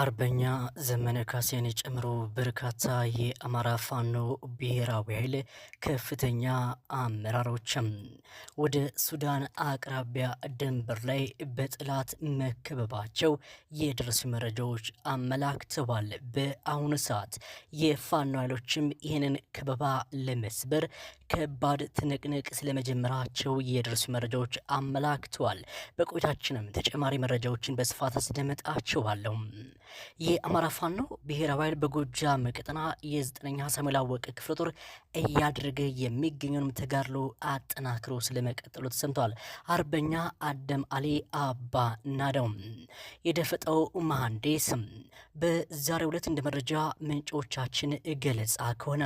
አርበኛ ዘመነ ካሴን ጨምሮ በርካታ የአማራ ፋኖ ብሔራዊ ኃይል ከፍተኛ አመራሮችም ወደ ሱዳን አቅራቢያ ድንበር ላይ በጠላት መከበባቸው የደረሱ መረጃዎች አመላክተዋል። በአሁኑ ሰዓት የፋኖ ኃይሎችም ይህንን ከበባ ለመስበር ከባድ ትንቅንቅ ስለመጀመራቸው የደረሱ መረጃዎች አመላክተዋል። በቆይታችንም ተጨማሪ መረጃዎችን በስፋት አስደምጣችኋለሁ። የአማራ ፋኖ ብሔራዊ ኃይል በጎጃም ቀጠና የዘጠነኛ ሳሙኤል አወቀ ክፍለ ጦር እያደረገ የሚገኘውንም ተጋድሎ አጠናክሮ ስለመቀጠሉ ተሰምተዋል። አርበኛ አደም አሌ አባ ናደው የደፈጠው መሐንዲስ በዛሬው ዕለት እንደ መረጃ ምንጮቻችን ገለጻ ከሆነ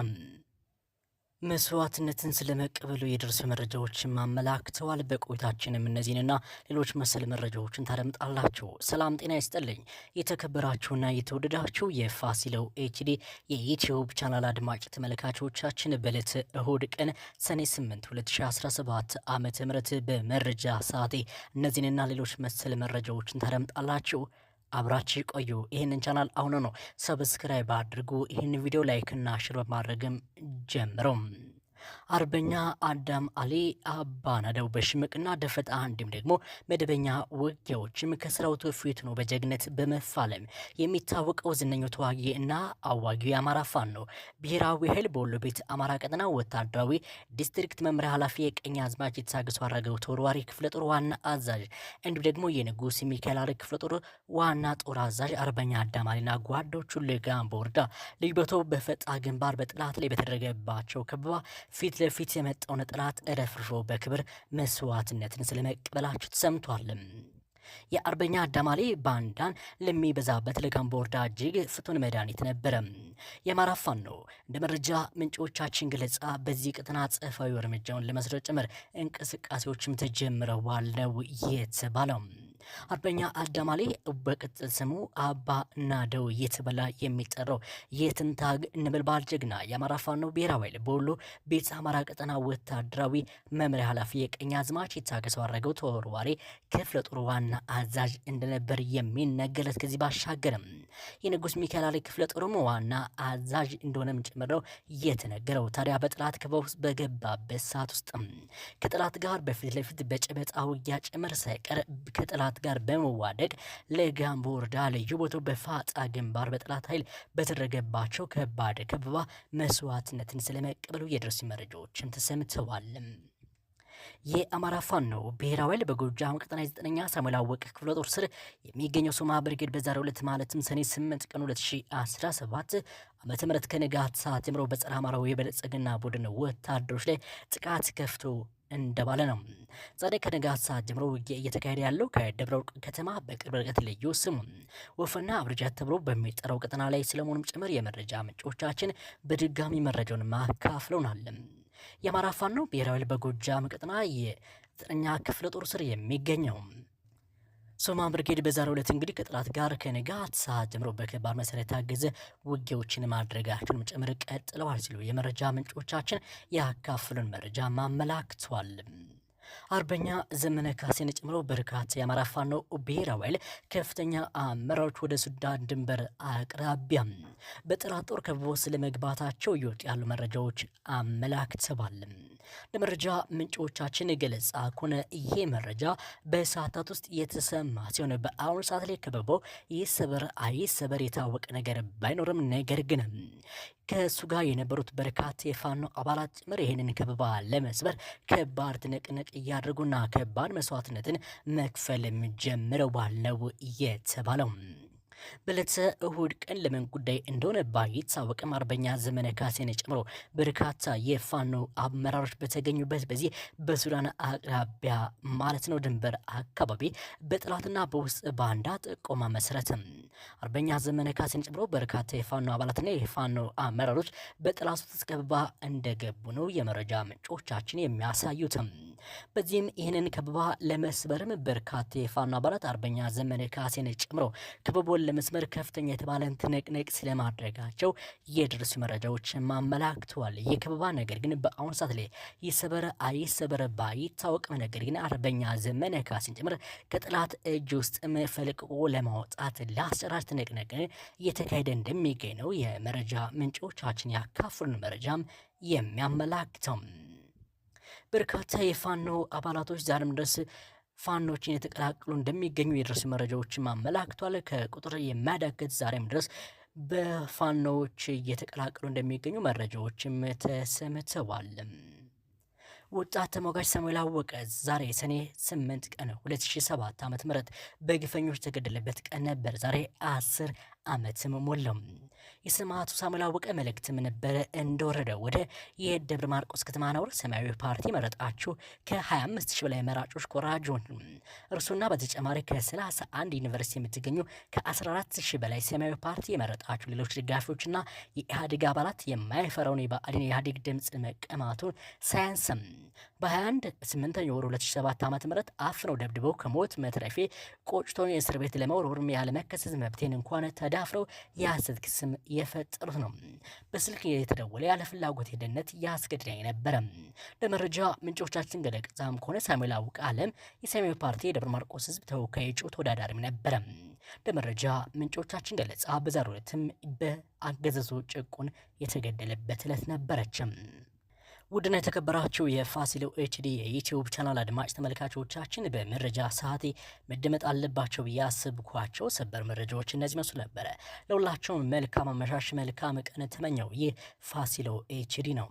መስዋዕትነትን ስለመቀበሉ የደረሱ መረጃዎችን ማመላክተዋል በቆይታችንም እነዚህንና ሌሎች መሰል መረጃዎችን ታደምጣላችሁ። ሰላም ጤና ይስጥልኝ። የተከበራችሁና የተወደዳችሁ የፋሲለው ኤችዲ የዩትዩብ ቻናል አድማጭ ተመልካቾቻችን በዕለተ እሁድ ቀን ሰኔ 8 2017 ዓ ም በመረጃ ሰዓቴ እነዚህንና ሌሎች መሰል መረጃዎችን ታደምጣላችሁ። አብራችሁ ቆዩ። ይህንን ቻናል አሁን ነው ሰብስክራይብ አድርጉ። ይህን ቪዲዮ ላይክና ሽር በማድረግም ጀምረው አርበኛ አዳም አሊ አባናደው በሽምቅና ደፈጣ እንዲሁም ደግሞ መደበኛ ውጊያዎችም ከሰራዊቱ ፊት ነው በጀግነት በመፋለም የሚታወቀው ዝነኛው ተዋጊ እና አዋጊው የአማራ ፋን ነው። ብሔራዊ ኃይል በወሎ ቤት አማራ ቀጠና ወታደራዊ ዲስትሪክት መምሪያ ኃላፊ የቀኝ አዝማች የተሳግሱ አረገው ተወርዋሪ ክፍለ ጦር ዋና አዛዥ እንዲሁም ደግሞ የንጉስ ሚካኤል ክፍለ ጦር ዋና ጦር አዛዥ አርበኛ አዳም አሊና ጓዶቹ ልጋም በወረዳ ልዩ በቶ በፈጣ ግንባር በጥላት ላይ በተደረገባቸው ከበባ ፊት ፊት ለፊት የመጣውን ጠላት ረፍርፎ በክብር መስዋዕትነትን ስለመቀበላችሁ ተሰምቷል። የአርበኛ አዳማሌ ባንዳን ለሚበዛበት ለጋምቦ ወረዳ እጅግ ፍቱን መድኃኒት ነበረ። የአማራ ፋኖ እንደ መረጃ ምንጮቻችን ገለጻ በዚህ ቅጥና አጸፋዊ እርምጃውን ለመስረት ጭምር እንቅስቃሴዎችም ተጀምረዋል ነው የተባለው። አርበኛ አዳማሌ በቅጽል ስሙ አባ ናደው እየተባለ የሚጠራው የትንታግ ንብልባል ጀግና የአማራ ፋኖ ብሔራዊ ኃይል በወሎ ቤት አማራ ቀጠና ወታደራዊ መምሪያ ኃላፊ አዝማች የታገሰው አረገው ተወርዋሪ ክፍለ ጦር ዋና አዛዥ እንደነበር የሚነገርለት ከዚህ ባሻገርም የንጉስ ሚካኤል ክፍለ ጦርም ዋና አዛዥ እንደሆነም ጭምረው የተነገረው። ታዲያ በጥላት ከበባ ውስጥ በገባበት ሰዓት ውስጥ ከጥላት ጋር በፊት ለፊት በጨበጣ ውጊያ ጭምር ሳይቀር ከጥላት አካላት ጋር በመዋደድ ለጋምቦ ወረዳ ልዩ ቦታው በፋጻ ግንባር በጠላት ኃይል በተደረገባቸው ከባድ ከበባ መስዋዕትነትን ስለመቀበሉ የደረሱ መረጃዎችም ተሰምተዋል። የአማራ ፋኖ ብሔራዊ ኃይል በጎጃም ቀጠና የዘጠነኛ ሳሙኤል አወቀ ክፍለ ጦር ስር የሚገኘው ሶማ ብርጌድ በዛሬው ዕለት ማለትም ሰኔ 8 ቀን 2017 ዓመተ ምህረት ከንጋት ሰዓት ጀምሮ በጸረ አማራው የበለጸግና ቡድን ወታደሮች ላይ ጥቃት ከፍቶ እንደባለ ነው። ጸደይ ከንጋት ሰዓት ጀምሮ ውጊያ እየተካሄደ ያለው ከደብረ ወርቅ ከተማ በቅርብ ርቀት ልዩ ስሙ ወፍና አብርጃት ተብሎ በሚጠራው ቀጠና ላይ ስለመሆኑም ጭምር የመረጃ ምንጮቻችን በድጋሚ መረጃውን ማካፍለውናል። የአማራ ፋኖ ብሔራዊ በጎጃም ቀጠና የዘጠነኛ ክፍለ ጦር ስር የሚገኘው ሶማ ብርጌድ በዛሬው ዕለት እንግዲህ ከጠላት ጋር ከንጋት ሰዓት ጀምሮ በከባድ መሳሪያ የታገዘ ውጊያዎችን ማድረጋቸውን ጭምር ቀጥለዋል ሲሉ የመረጃ ምንጮቻችን ያካፍሉን መረጃ ማመላክቷል። አርበኛ ዘመነ ካሴን ጨምሮ በርካታ የአማራ ፋኖ ብሔራዊ ኃይል ከፍተኛ አመራሮች ወደ ሱዳን ድንበር አቅራቢያ በጠላት ጦር ከቦ ስለመግባታቸው እየወጡ ያሉ መረጃዎች አመላክተዋል። ለመረጃ ምንጮቻችን ገለጻ ከሆነ ይሄ መረጃ በሰዓታት ውስጥ የተሰማ ሲሆን በአሁኑ ሰዓት ላይ ከበበው ይሰበር አይሰበር የታወቀ ነገር ባይኖርም ነገር ግን ከእሱ ጋር የነበሩት በርካታ የፋኖ አባላት ጭምር ይህንን ከበባ ለመስበር ከባድ ትንቅንቅ እያደረጉና ከባድ መስዋዕትነትን መክፈልም ጀምረው ባለው የተባለው በዕለተ እሁድ ቀን ለምን ጉዳይ እንደሆነ ባይታወቅም አርበኛ ዘመነ ካሴን ጨምሮ በርካታ የፋኖ አመራሮች በተገኙበት በዚህ በሱዳን አቅራቢያ ማለት ነው ድንበር አካባቢ በጥላትና በውስጥ ባንዳ ጥቆማ መሰረትም አርበኛ ዘመነ ካሴን ጨምሮ በርካታ የፋኖ አባላትና የፋኖ አመራሮች በጠላት ውስጥ ከበባ እንደገቡ ነው የመረጃ ምንጮቻችን የሚያሳዩትም። በዚህም ይህንን ከበባ ለመስበርም በርካታ የፋኖ አባላት አርበኛ ዘመነ ካሴን ጨምሮ ከበቦን ለመስበር ከፍተኛ የተባለን ትንቅንቅ ስለማድረጋቸው የደረሱ መረጃዎች ማመላክተዋል። ይህ ከበባ ነገር ግን በአሁኑ ሰዓት ላይ ይሰበር አይሰበር ባይታወቅም ነገር ግን አርበኛ ዘመነ ካሴን ጭምር ከጠላት እጅ ውስጥ ፈልቅቆ ለማውጣት ለአስጨራሽ ትንቅንቅ እየተካሄደ እንደሚገኝ ነው የመረጃ ምንጮቻችን ያካፍሉን መረጃም የሚያመላክተው። በርካታ የፋኖ አባላቶች ዛሬም ድረስ ፋኖችን የተቀላቀሉ እንደሚገኙ የደረሱ መረጃዎችም አመላክቷል። ከቁጥር የማያዳግት ዛሬም ድረስ በፋኖዎች እየተቀላቀሉ እንደሚገኙ መረጃዎችም ተሰምተዋል። ወጣት ተሟጋች ሳሙኤል አወቀ ዛሬ ሰኔ 8 ቀን 2007 ዓ.ም በግፈኞች ተገደለበት ቀን ነበር። ዛሬ 10 ዓመት ሞላው። የሰማዕቱ ሳሙኤል አወቀ መልእክትም ነበረ እንደወረደ ወደ የደብረ ማርቆስ ከተማ ናውር ሰማያዊ ፓርቲ መረጣችሁ ከ25 ሺህ በላይ መራጮች ኮራጆን እርሱና በተጨማሪ ከ31 ዩኒቨርሲቲ የምትገኙ ከ14 ሺህ በላይ ሰማያዊ ፓርቲ የመረጣችሁ ሌሎች ደጋፊዎችና የኢህአዴግ አባላት የማይፈራውን የብአዴን የኢህአዴግ ድምፅ መቀማቱን ሳያንስም በ21 ስምንተኛ ኛ ወር 2007 ዓ.ም አፍነው ደብድበው ከሞት መትረፌ ቆጭቶን የእስር ቤት ለመወርወርም ያለመከሰስ መብቴን እንኳን ተዳፍረው የሐሰት ክስም የፈጠሩት ነው። በስልክ የተደወለ ያለ ፍላጎት ደህንነት ያስገድዳኝ ነበረ። ለመረጃ ምንጮቻችን ገለጻም ከሆነ ሳሙኤል አውቅ አለም የሰሜን ፓርቲ የደብረ ማርቆስ ህዝብ ተወካይ እጩ ተወዳዳሪም ነበረ። ለመረጃ ምንጮቻችን ገለጻ በዛሬው ዕለትም በአገዛዙ ጭቁን የተገደለበት ዕለት ነበረችም። ውድና የተከበራችሁ የፋሲሎ ኤችዲ የዩትዩብ ቻናል አድማጭ ተመልካቾቻችን በመረጃ ሰዓቴ መደመጥ አለባቸው ያስብኳቸው ሰበር መረጃዎች እነዚህ መስሉ ነበረ። ለሁላቸውም መልካም አመሻሽ፣ መልካም ቀን ተመኘው። ይህ ፋሲሎ ኤችዲ ነው።